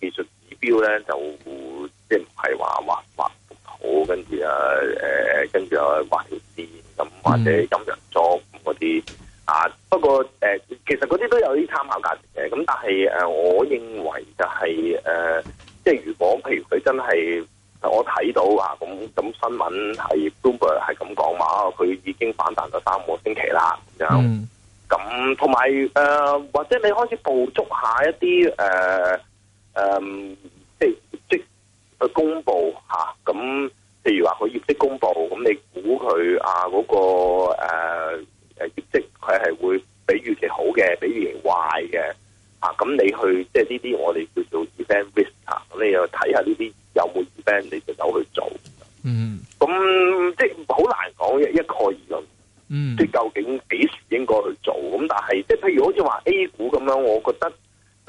技術指標咧，就即係唔係話畫畫好，跟住啊誒，跟住又係畫條線咁，或者陰陽柱嗰啲、嗯、啊。不過、呃、其實嗰啲都有啲參考價值嘅。咁但係、呃、我認為就係、是、即、呃就是、如果譬如佢真係我睇到啊，咁咁新聞係都係係咁講話，佢已經反彈咗三個星期啦。咁同埋或者你開始捕捉一下一啲誒、嗯，即係業績嘅公布吓，咁、啊、譬如話佢業績公布，咁你估佢啊嗰、那個誒誒業績，佢、啊、係會比預期好嘅，比預期壞嘅，啊咁你去即係呢啲我哋叫做 event risk 咁你又睇下呢啲有冇 event，你就走去做。嗯，咁即係好難講一概而論。嗯、即係究竟幾時應該去做？咁但係即係譬如好似話 A 股咁樣，我覺得。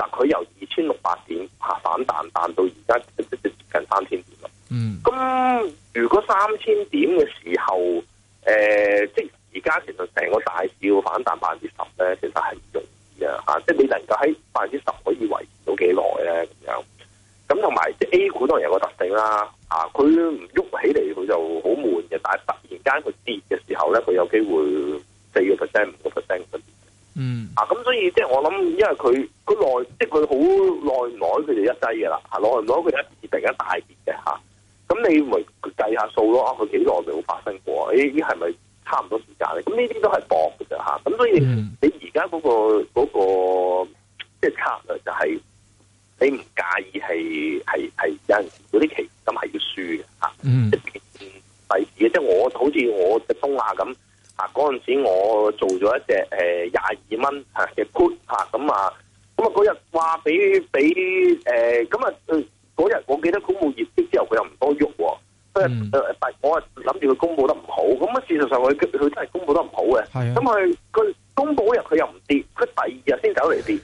嗱，佢由二千六百點嚇反彈彈到而家接近三千點咯。嗯，咁如果三千點嘅時候，誒、呃，即係而家其實成個大市要反彈百分之十咧，其實係唔容易嘅啊！嚇，即係你能夠喺百分之十可以維持到幾耐咧咁樣。咁同埋即 A 股當然有個特性啦，啊，佢唔喐起嚟佢就好悶嘅，但係突然間佢跌嘅時候咧，佢有機會四個 percent 五個 percent。嗯啊，咁所以即係、就是、我諗，因為佢佢耐，即係佢好耐耐，佢就一劑嘅啦，係耐唔耐佢一次突然大跌嘅吓。咁你咪計下數咯，啊，佢幾耐未發生過？誒、欸，係咪差唔多時間咧？咁呢啲都係博嘅啫吓。咁、啊、所以你而家嗰個、那個即係、就是、策略就係你唔介意係係係有陣時嗰啲期金係要輸嘅吓。啊、嗯，第二即係、就是、我好似我隻東亞咁。嗰陣時我做咗一隻誒廿二蚊嘅 put 嚇，咁、呃、啊，咁啊嗰日話俾俾誒，咁啊嗰日我記得公佈業績之後，佢又唔多喐喎。但係、嗯呃、我諗住佢公佈得唔好，咁啊事實上佢佢真係公佈得唔好嘅。咁佢佢公佈嗰日佢又唔跌，佢第二日先走嚟跌。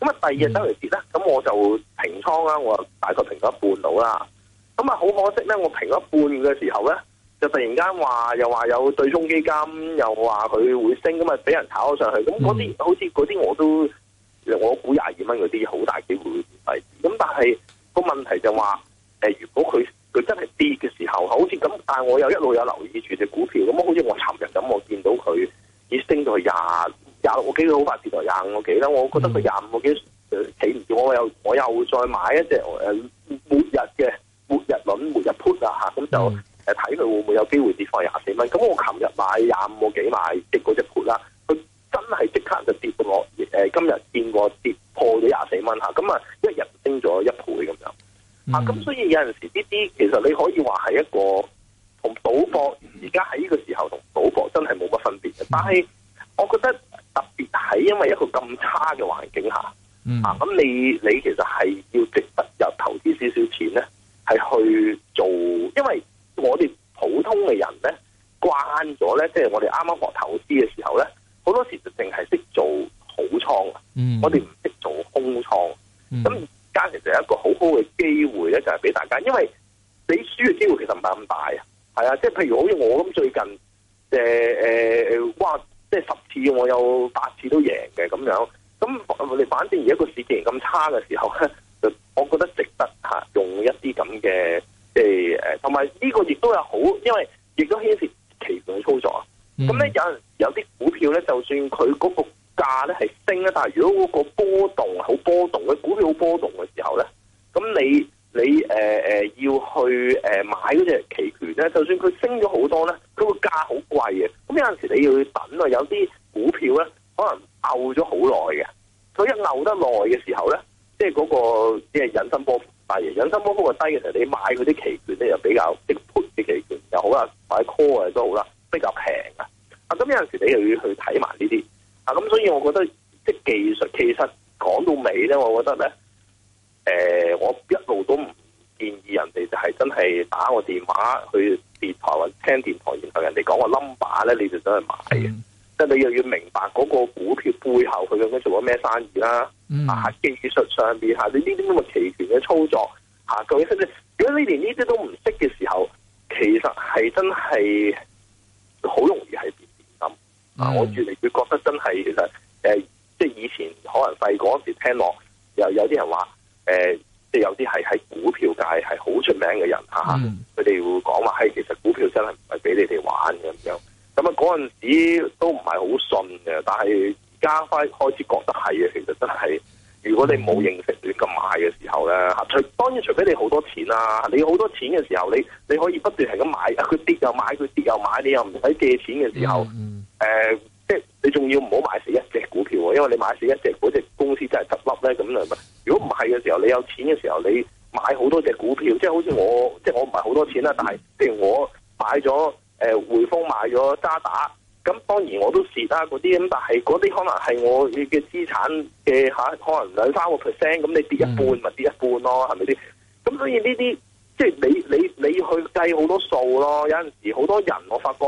咁啊第二日走嚟跌啦，咁、嗯、我就平倉啦，我大概平咗一半到啦。咁啊好可惜咧，我平咗一半嘅時候咧。就突然間話又話有對沖基金，又話佢會升，咁啊俾人炒咗上去。咁嗰啲好似嗰啲我都，我估廿二蚊嗰啲好大機會會跌。咁但係個問題就話，誒、呃，如果佢佢真係跌嘅時候，好似咁，但係我又一路有留意住隻股票。咁好似我尋日咁，我見到佢已經升到去廿廿六個幾，好快跌到廿五個幾啦。我覺得佢廿五個幾誒企唔住。我又我又再買一隻誒末日嘅末日輪末日 put 啦吓，咁就。嗯誒，睇佢會唔會有機會跌破廿四蚊？咁我琴日買廿五個幾買跌嗰隻盤啦，佢真係即刻就跌咗。我、呃、誒，今日見過跌破咗廿四蚊吓，咁啊，一日升咗一倍咁樣、嗯、啊。咁所以有陣時呢啲，其實你可以話係一個同賭博，而家喺呢個時候同賭博真係冇乜分別嘅。嗯、但係我覺得特別係因為一個咁差嘅環境下，啊，咁你你其實係要值得入投資少少錢咧，係去做，因為。通嘅人咧，慣咗咧，即係我哋啱啱學投資嘅時候咧，好多時就淨係識做好倉啊，嗯、我哋唔識做空倉。咁而家其實有一個好好嘅機會咧，就係、是、俾大家，因為你輸嘅機會其實唔係咁大啊。係啊，即係譬如好似我咁最近誒誒、呃、哇！即係十次我有八次都贏嘅咁樣。咁我哋反正而家個市既然咁差嘅時候咧，就我覺得值得、啊、用一啲咁嘅。同埋呢個亦都有好，因為亦都牽涉期權操作啊。咁咧、嗯、有有啲股票咧，就算佢嗰個價咧係升咧，但係如果嗰個波動好波動嘅股票好波動嘅時候咧，咁你你誒誒、呃、要去誒、呃、買嗰隻期權咧，就算佢升咗好多咧，佢個價好貴嘅。咁有陣時你要去等啊，有啲股票咧可能拗咗好耐嘅，佢一拗得耐嘅時候咧，即係嗰個。冇咁低嘅時候，你買嗰啲期權咧又比較，即係 put 啲期權又好啦，買 call 嘅都好啦，比較平啊。啊，咁有陣時你又要去睇埋呢啲啊，咁所以我覺得即係技術，其實講到尾咧，我覺得咧，誒、呃，我一路都唔建議人哋就係真係打個電話去電台或者聽電台，然後人哋講個 number 咧，你就走去買嘅。即係的你又要明白嗰個股票背後佢究竟做咗咩生意啦。嗯、啊，技術上邊吓，你呢啲咁嘅期權嘅操作。吓、啊，究竟識唔識？如果你連呢啲都唔識嘅時候，其實係真係好容易係變小心。啊，的嗯、我越嚟越覺得真係，其實誒、呃，即係以前可能細嗰陣時聽落，又有啲人話誒，即、呃、係、就是、有啲係喺股票界係好出名嘅人吓，佢、啊、哋的、嗯、會講話，嘿，其實股票真係唔係俾你哋玩嘅咁樣。咁啊，嗰陣時都唔係好信嘅，但係而家開開始覺得係嘅，其實真係。如果你冇認識亂咁買嘅時候咧，嚇，除當然，除非你好多錢啦、啊，你好多錢嘅時候，你你可以不斷係咁買，佢跌又買，佢跌、跌又買，你又唔使借錢嘅時候，誒、嗯嗯呃，即係你仲要唔好買死一隻股票喎，因為你買死一隻嗰隻公司真係執笠咧咁啊！如果唔係嘅時候，你有錢嘅時候，你買好多隻股票，即係好似我，即係我唔係好多錢啦，但係即係我買咗誒匯豐，買咗渣打。咁當然我都蝕啦嗰啲，咁但係嗰啲可能係我嘅資產嘅、啊、可能兩三個 percent，咁你跌一半咪跌一半咯，係咪先？咁所以呢啲即係你你你去計好多數咯。有陣時好多人，我發覺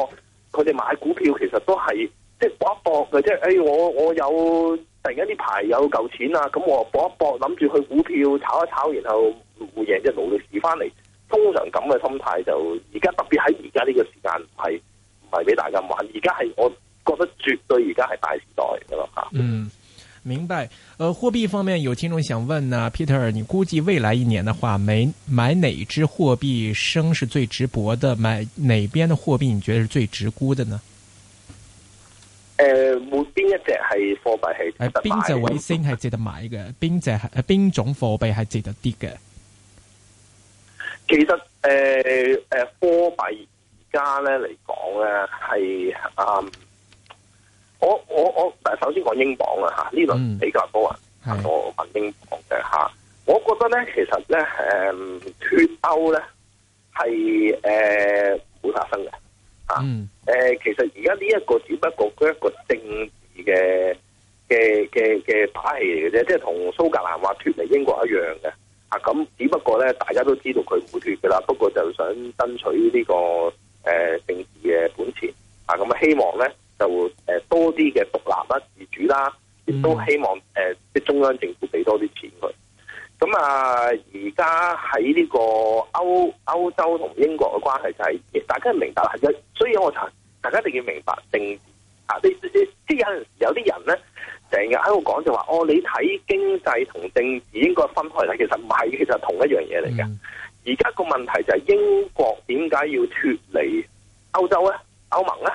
佢哋買股票其實都係即係搏一搏嘅，即係誒、哎、我我有突然間啲牌有嚿錢啊，咁我搏一搏，諗住去股票炒一炒，然後會贏即係攞嚟攤翻嚟。通常咁嘅心態就而家特別喺而家呢個時間係。唔係俾大家玩，而家係我覺得絕對而家係大時代噶咯、啊、嗯，明白。誒、呃，貨幣方面有聽眾想問呢、啊，Peter，你估計未來一年的話，買買哪支貨幣升是最值博的？買哪邊的貨幣你覺得是最值沽的呢？誒、呃，冇邊一隻係貨幣係誒，邊、呃、只會升係值得買嘅？邊隻係誒邊種貨幣係值得跌嘅？呃呃、其實誒誒、呃呃，貨幣。家咧嚟講咧係啊，我我我，首先講英鎊啊吓，呢輪比較多人、嗯、啊，我問英鎊嘅吓，我覺得咧其實咧誒脫歐咧係誒唔會發生嘅誒、啊嗯呃、其實而家呢一個只不過佢一個政治嘅嘅嘅嘅，打戲嚟嘅啫，即係同蘇格蘭話脫離英國一樣嘅啊，咁只不過咧大家都知道佢唔會脫噶啦，不過就想爭取呢、這個。誒、呃，政治嘅本錢啊，咁啊，希望咧就誒多啲嘅獨立啦、自主啦，亦、啊、都希望誒，即、呃、中央政府俾多啲錢佢。咁啊，而家喺呢個歐歐洲同英國嘅關係就係、是，大家明白啦。所以我就大家一定要明白政治啊，你你即有陣時有啲人咧，成日喺度講就話，哦，你睇經濟同政治應該分開睇，其實唔係，其實係同一樣嘢嚟嘅。嗯而家個問題就係英國點解要脱離歐洲咧、歐盟咧？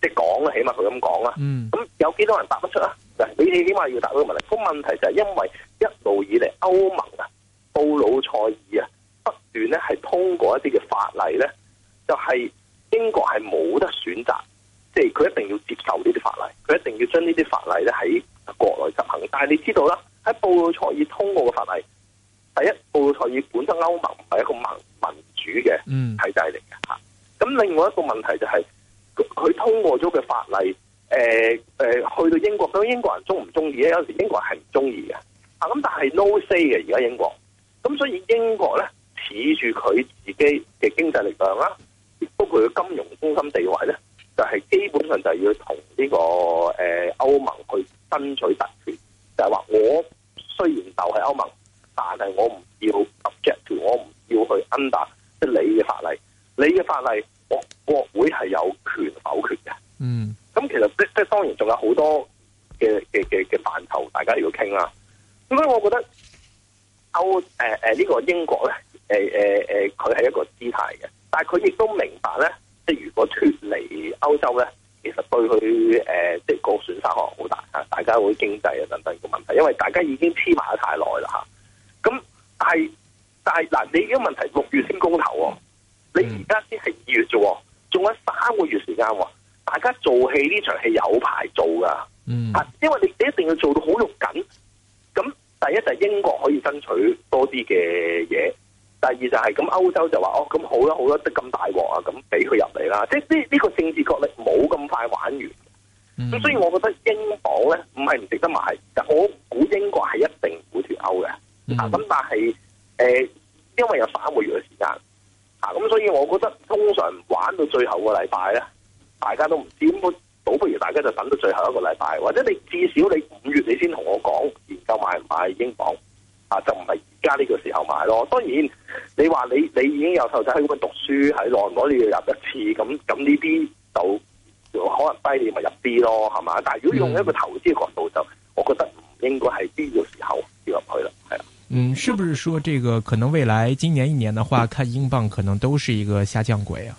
即係講啊，起碼佢咁講啦。咁、嗯、有幾多人答得出啊？就你起碼要答到個問題。個問題就係因為一路以嚟歐盟啊、布魯塞爾啊，不斷咧係通過一啲嘅法例咧，就係、是、英國係冇得選擇，即係佢一定要接受呢啲法例，佢一定要將呢啲法例咧喺國內執行。但係你知道啦，喺布魯塞爾通過嘅法例。第一，布魯塞爾本身歐盟唔係一個民民主嘅體制嚟嘅嚇。咁、嗯、另外一個問題就係、是、佢通過咗佢法例，誒、呃、誒、呃、去到英國，究竟英國人中唔中意咧？有時英國人係唔中意嘅。啊咁，但係 no say 嘅而家英國。咁所以英國咧，恃住佢自己嘅經濟力量啦，亦包括佢金融中心地位咧，就係、是、基本上就要同呢、這個誒歐、呃、盟去爭取特權，就係、是、話我雖然就係歐盟。但係我唔要 object to，我唔要去 under，即係你嘅法例，你嘅法例，我國會係有權否決嘅。嗯，咁其實即即當然仲有好多嘅嘅嘅嘅範疇，大家要傾啦。咁所以，我覺得歐誒誒呢個英國咧，誒誒誒佢係一個姿態嘅，但係佢亦都明白咧，即係如果脱離歐洲咧，其實對佢誒即個損失可能好大嚇，大家會經濟啊等等個問題，因為大家已經黐埋咗太耐啦嚇。咁，但係但係嗱，你啲問題六月先公投，你現在是而家先係二月啫，仲有三個月時間。大家做戲呢場戲有排做噶，啊，嗯、因為你你一定要做到好肉緊。咁第一就係英國可以爭取多啲嘅嘢，第二就係、是，咁歐洲就話哦，咁好啦好啦，得咁大鑊啊，咁俾佢入嚟啦。即係呢呢個政治角力冇咁快玩完。咁、嗯、所以，我覺得英鎊咧唔係唔值得買。我估英國係一定會脱歐嘅。咁、嗯啊、但係誒、呃，因為有三個月嘅時間，吓、啊、咁，所以我覺得通常玩到最後個禮拜咧，大家都唔知點會，倒不如大家就等到最後一個禮拜，或者你至少你五月你先同我講，研究買唔買英鎊，啊，就唔係而家呢個時候買咯。當然你說你，你話你你已經有細路仔喺度讀書喺內，我你要入一次咁咁呢啲就可能低啲咪入啲咯，係嘛？但係如果用一個投資嘅角度，就我覺得唔應該係呢個時候要入去啦，係啦。嗯，是不是說這個可能未來今年一年的話，嗯，看英鎊可能都是一個下降軌啊？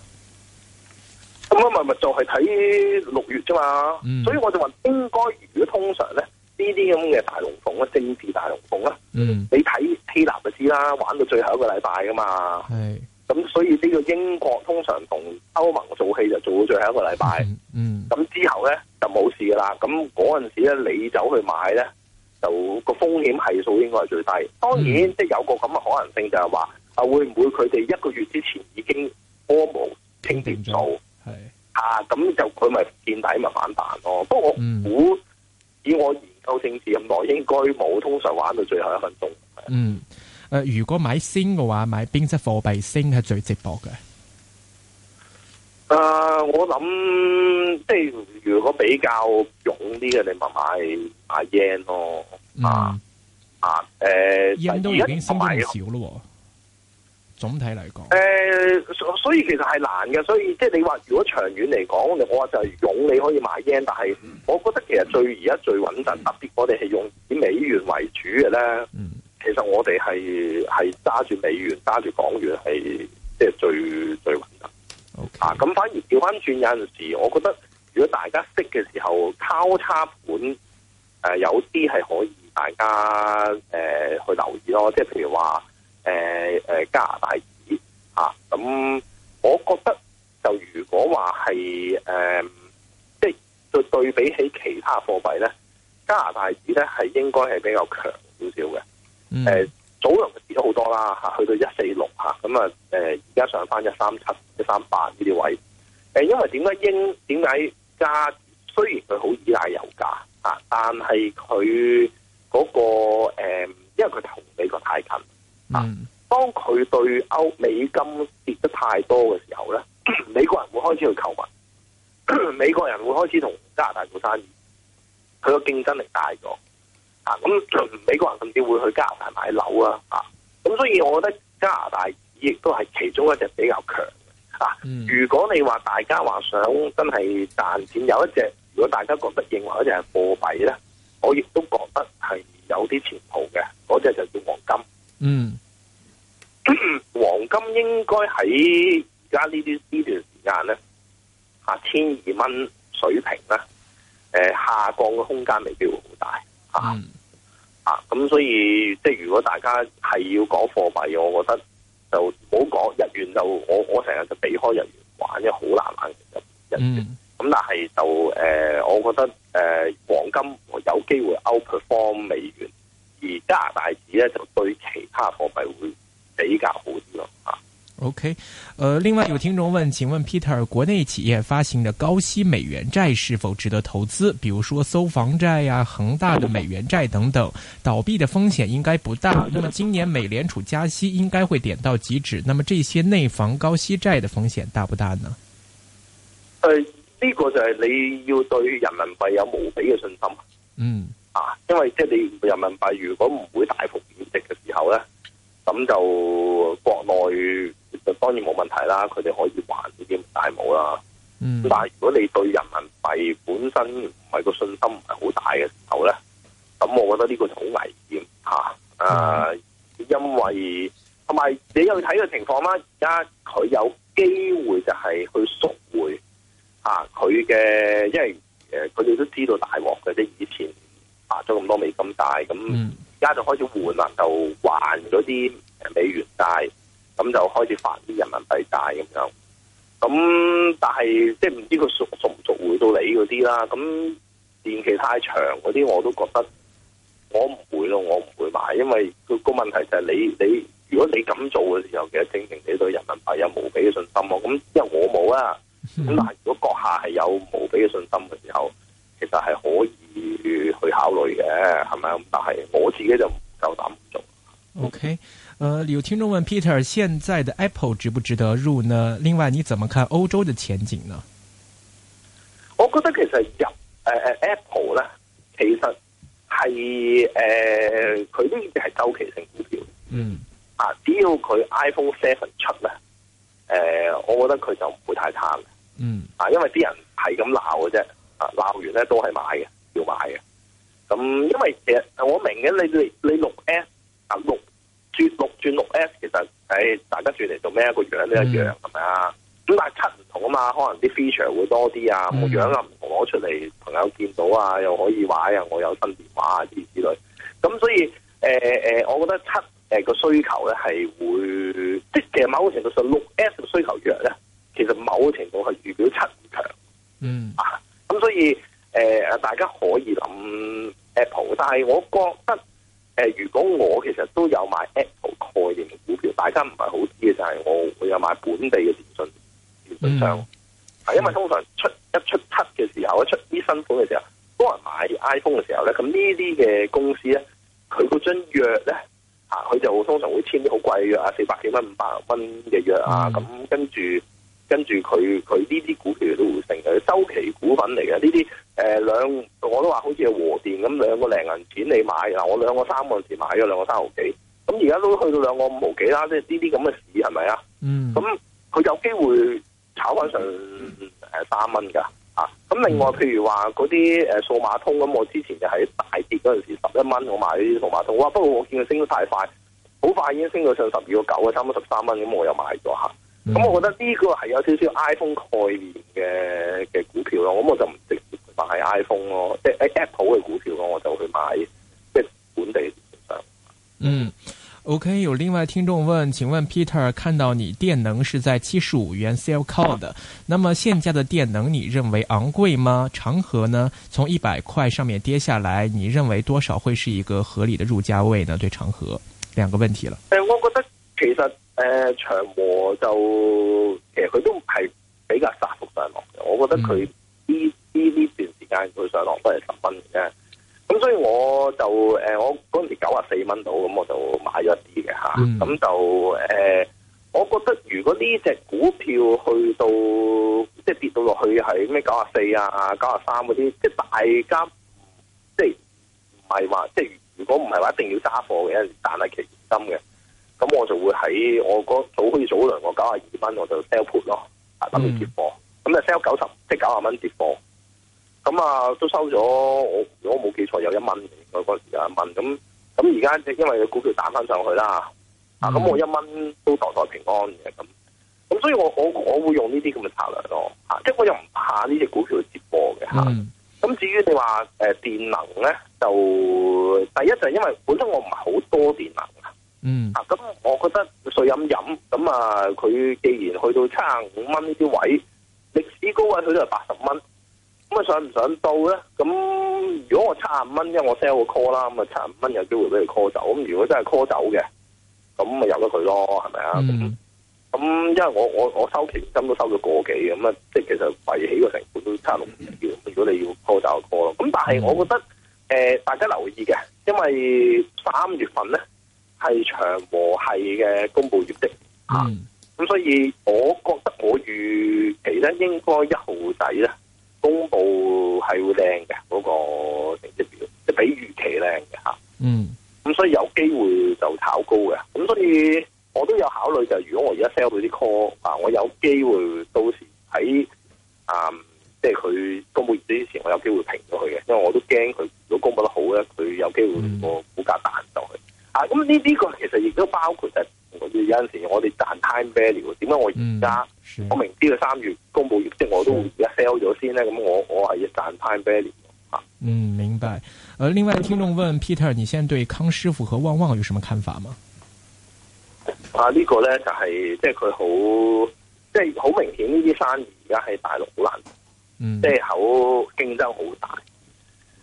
咁啊，咪咪就係睇六月啫嘛，所以我就話應該，如果通常咧呢啲咁嘅大龍鳳啊，政治大龍鳳啊，嗯，你睇希臘就知啦，玩到最後一個禮拜噶嘛，係是，咁所以呢個英國通常同歐盟做戲就做到最後一個禮拜，嗯，咁之後咧就冇事噶啦，咁嗰陣時咧你走去買咧，就個風險係數應該係最低，當然即係有個咁嘅可能性就係話啊會唔會佢哋一個月之前已經摸冇清點數係啊，咁就佢咪見底咪反彈咯。不過我估、嗯、以我研究政治咁耐，應該冇，通常玩到最後一分鐘。嗯，誒、呃，如果買升嘅話，買邊隻貨幣升係最值博嘅？誒、呃，我諗即係如果比較勇啲嘅，你咪買買 yen 咯、啊，嗯、啊啊誒、呃、二都已經十分少咯。人總體嚟講，誒、呃，所以其實係難嘅。所以即係你話，如果長遠嚟講，我話就係勇，你可以買 yen，但係我覺得其實最而家最穩陣，嗯、特別我哋係用美元為主嘅咧。嗯、其實我哋係係揸住美元、揸住港元係即係最最。最啊，咁、嗯、反而掉返轉有陣時，我覺得如果大家識嘅時候，交叉盤誒、呃、有啲係可以大家誒、呃、去留意咯，即係譬如話誒誒加拿大紙咁、啊、我覺得就如果話係誒，即係對對比起其他貨幣咧，加拿大紙咧係應該係比較強少少嘅，呃、嗯。早輪就跌咗好多啦，吓去到一四六吓，咁啊，誒而家上返一三七、一三八呢啲位。誒，因為點解英，點解加？雖然佢好依賴油價啊，但係佢嗰個誒、啊，因為佢同美國太近啊。當佢對歐美金跌得太多嘅時候咧，美國人會開始去購物，美國人會開始同加拿大做生意，佢個競爭力大咗。啊，咁、嗯、美國人甚至會去加拿大買樓啊！啊，咁、啊、所以我覺得加拿大亦都係其中一隻比較強嘅啊。嗯、如果你話大家話想真係賺錢，有一隻，如果大家覺得認為有一隻係貨幣咧，我亦都覺得係有啲前途嘅。嗰隻就叫黃金。嗯，嗯，黃金應該喺而家呢啲呢段時間咧，一千二蚊水平咧、啊，下降嘅空間未必會好大、啊嗯啊，咁所以即係如果大家係要講貨幣，我覺得就唔好講日元，就我我成日就避開日元玩，因為好難玩嘅日元。咁、嗯、但係就誒、呃，我覺得誒、呃、黃金我有機會 outperform 美元，而加拿大紙咧就對其他貨幣會比較好啲咯嚇。啊 OK，呃，另外有聽眾問，請問 Peter，國內企業發行的高息美元債是否值得投資？比如說搜房債呀、啊、恒大的美元債等等，倒閉的風險應該不大。那麼今年美聯儲加息應該會點到即止，那麼這些內房高息債的風險大不大呢？呃，呢、呢個就係你要對人民幣有無比嘅信心，嗯啊，因為即係你人民幣如果唔會大幅貶值嘅時候咧。咁就國內當然冇問題啦，佢哋可以還啲啲大冇啦。嗯，但如果你對人民幣本身唔係個信心唔係好大嘅時候咧，咁我覺得呢個就好危險、啊嗯啊、因為同埋你有睇個情況啦。而家佢有機會就係去縮回佢嘅、啊，因為佢哋、呃、都知道大鑊嘅，即以前拿咗咁多美金大咁。而家就開始換啦，就還嗰啲美元債，咁就開始發啲人民幣債咁樣。咁但係即係唔知佢贖唔贖回到你嗰啲啦。咁連期太長嗰啲，我都覺得我唔會咯，我唔會買，因為個問題就係你你，如果你咁做嘅時候，其實證明你對人民幣有無比嘅信心咯。咁因為我冇啦。咁但係如果閣下係有無比嘅信心嘅時候，其實係可以。去考慮嘅係咪？但係我自己就唔夠膽做。O K，誒，有聽眾問 Peter，現在嘅 Apple 值唔值得入呢？另外，你怎麼看歐洲嘅前景呢？我覺得其實入誒、呃、誒、啊、Apple 咧，其實係誒佢呢啲係周期性股票的。嗯啊，只要佢 iPhone Seven 出咧，誒、呃，我覺得佢就唔會太差嘅。嗯啊，因為啲人係咁鬧嘅啫，啊鬧完咧都係買嘅。要買嘅，咁、嗯、因為其實我明嘅，你你你六 S 啊六轉六轉六 S，其實誒大家轉嚟做咩，個樣都一樣是是，係咪啊？咁但係七唔同啊嘛，可能啲 feature 會多啲啊，個、嗯、樣啊，唔同攞出嚟，朋友見到啊，又可以玩啊，我有新電話啊之之類。咁、嗯、所以誒誒、呃，我覺得七誒個需求咧係會，即係其實某個程度上六 S 嘅需求弱咧，其實某個程度係預表七唔強，嗯啊，咁所以。誒、呃，大家可以諗 Apple，但係我覺得誒、呃，如果我其實都有買 Apple 概念嘅股票，大家唔係好知嘅就係我會有買本地嘅電信電信商，係、嗯、因為通常出一出七嘅時候，出一出啲新款嘅時候，多人買 iPhone 嘅時候咧，咁呢啲嘅公司咧，佢嗰張約咧，啊，佢就通常會簽啲好貴嘅約啊，四百幾蚊、五百蚊嘅約啊，咁跟住。嗯跟住佢佢呢啲股票都會升嘅，就是、周期股份嚟嘅呢啲誒兩我都話好似和電咁兩個零銀錢你買嗱，我兩個三個字買咗兩個三毫幾，咁而家都去到兩個五毫幾啦，即係呢啲咁嘅市係咪啊？嗯，咁佢、嗯嗯、有機會炒翻上誒三蚊噶啊！咁、嗯嗯、另外譬如話嗰啲誒數碼通咁、嗯，我之前就喺大跌嗰陣時十一蚊我買呢啲數碼通，哇！不過我見佢升得太快，好快已經升到上十二個九啊，差唔多十三蚊咁，我又買咗吓咁、嗯、我覺得呢個係有少少 iPhone 概念嘅嘅股票咯，咁我就唔直接去買 iPhone 咯，即係 Apple 嘅股票咯，我就去買即係本地。嗯，OK，有另外聽眾問：請問 Peter，看到你電能是在七十五元 sell call 的，嗯、那麼現價嘅電能你認為昂貴嗎？長和呢？從一百塊上面跌下來，你認為多少會是一個合理的入價位呢？對長和，兩個問題了。誒、欸，我覺得其實。誒、呃，長和就其實佢都係比較窄幅上落嘅，我覺得佢呢呢呢段時間佢上落都係十分嘅。咁所以我就誒、呃，我嗰陣時九啊四蚊度，咁我就買咗一啲嘅吓。咁、嗯、就誒、呃，我覺得如果呢隻股票去到即係跌到落去係咩九啊四啊、九啊三嗰啲，即係大家即係唔係話即係如果唔係話一定要揸貨嘅，但係其心嘅。咁我就會喺我嗰早可早量我九廿二蚊，我就 sell put 咯，嗯、啊諗住接貨，咁就 sell 九十即係九廿蚊接貨，咁、嗯、啊都收咗我如果冇記錯有一蚊，我嗰陣時有一蚊。咁，咁而家即因為個股票彈翻上去啦，啊咁我一蚊都袋袋平安嘅咁，咁所以我我我會用呢啲咁嘅策略咯，即、啊、係、就是、我又唔怕呢隻股票接貨嘅吓，咁、啊嗯啊、至於你話誒、呃、電能咧，就第一就係因為本身我唔係好多電能。嗯，啊，咁我覺得水飲飲咁啊，佢既然去到七十五蚊呢啲位，歷史高位去到係八十蚊，咁啊想唔想到咧？咁如果我七十五蚊，因為我 sell 個 call 啦，咁啊七十五蚊有機會俾佢 call 走，咁如果真係 call 走嘅，咁咪由得佢咯，係咪啊？咁、嗯，咁因為我我我收期金都收咗個幾，咁啊即係其實貴起個成本都七十六蚊嘅，如果你要 call 走 call 咯，咁但係我覺得誒、呃，大家留意嘅，因為三月份咧。係長和系嘅公布業績吓，咁、嗯、所以我覺得我預期咧應該一毫仔啦。 我明知佢三月公布業績，我都而家 sell 咗先咧。咁我我係要賺 time value，啊，嗯，明白。而，呃，另外聽眾問 Peter，你現在對康師傅和旺旺有什麼看法嗎？啊，這個，呢個咧就係即係佢好，即係好明顯呢啲生意而家喺大陸好難，嗯，即係好競爭好大。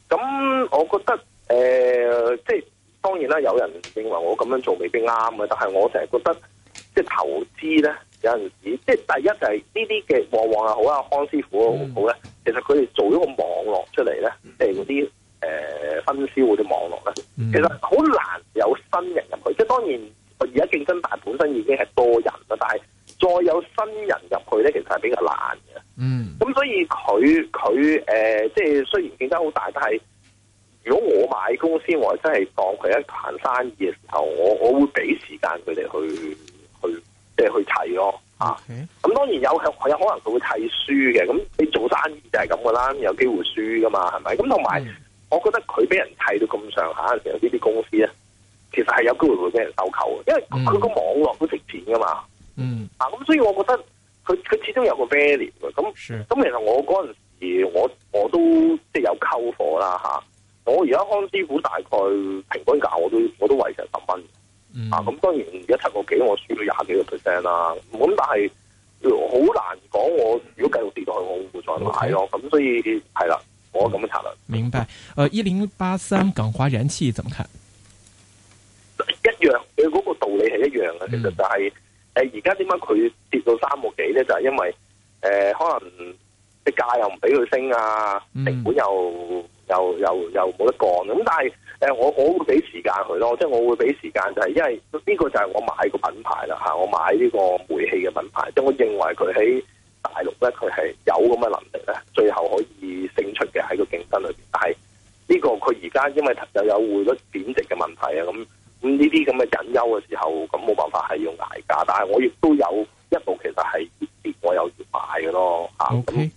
咁我覺得誒，呃，即係當然啦，有人認為我咁樣做未必啱嘅，但係我成日覺得即係投資咧。有陣時，即係第一就係呢啲嘅旺旺又好啊，康師傅好咧。嗯、其實佢哋做咗個網絡出嚟咧，即係嗰啲誒分銷嗰啲網絡咧，嗯、其實好難有新人入去。即係當然，而家競爭大，本身已經係多人啦。但係再有新人入去咧，其實係比較難嘅。嗯，咁所以佢佢誒，即係雖然競爭好大，但係如果我買公司，我真係當佢一盤生意嘅時候，我我會俾時間佢哋去去睇咯，Okay. 啊，咁當然有有可能佢會睇輸嘅，咁你做生意就係咁噶啦，有機會輸噶嘛，係咪？咁同埋，mm. 我覺得佢俾人睇到咁上下嘅時候，呢、啊、啲公司咧，其實係有機會會俾人收購嘅，因為佢個網絡都值錢噶嘛，嗯，mm. 啊，咁所以我覺得佢佢始終有個 value 嘅，咁咁是其實我嗰陣時候我我都即係有溝貨啦，吓、啊，我而家康啲股大概平均價我都我都未成十蚊。嗯、啊，咁當然而家七個幾，我輸咗廿幾個 percent 啦。咁、啊、但係好難講，我如果繼續跌落去，我唔會再買咯。咁 Okay. 所以係啦，我咁嘅策略、嗯。明白。誒、呃，一零八三港華燃氣怎麼看？一樣，佢、那、嗰個道理係一樣嘅。嗯、其實就係誒，而家點解佢跌到三個幾咧？就係、是、因為誒、呃，可能啲價又唔俾佢升啊，成本又又又又冇得降。咁但係。誒，我我會俾時間佢咯，即係我會俾時間，就係因為呢個就係我買個品牌啦吓，我買呢個煤氣嘅品牌，即係我認為佢喺大陸咧，佢係有咁嘅能力咧，最後可以勝出嘅喺個競爭裏邊。但係呢個佢而家因為又有匯率貶值嘅問題啊，咁咁呢啲咁嘅隱憂嘅時候，咁冇辦法係用捱價。但係我亦都有一部分其實係我有要買嘅咯。Okay,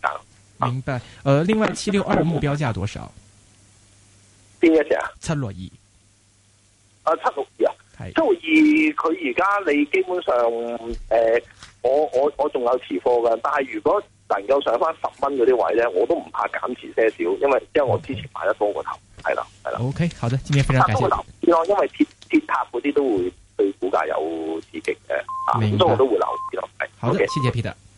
啊，OK，明白。誒、呃，另外七六二目標價多少？邊一隻啊？七六二，啊七六二啊，係的七六二。佢而家你基本上，誒、呃，我我我仲有持貨噶，但係如果能夠上翻十蚊嗰啲位咧，我都唔怕減持些少，因為因為我之前買得多個頭，係啦係啦。OK，好嘅，今日非常感謝。因為鐵鐵塔啲都會對股價有刺激嘅白、啊，所以我都會留意好嘅，Okay. 謝謝 Peter。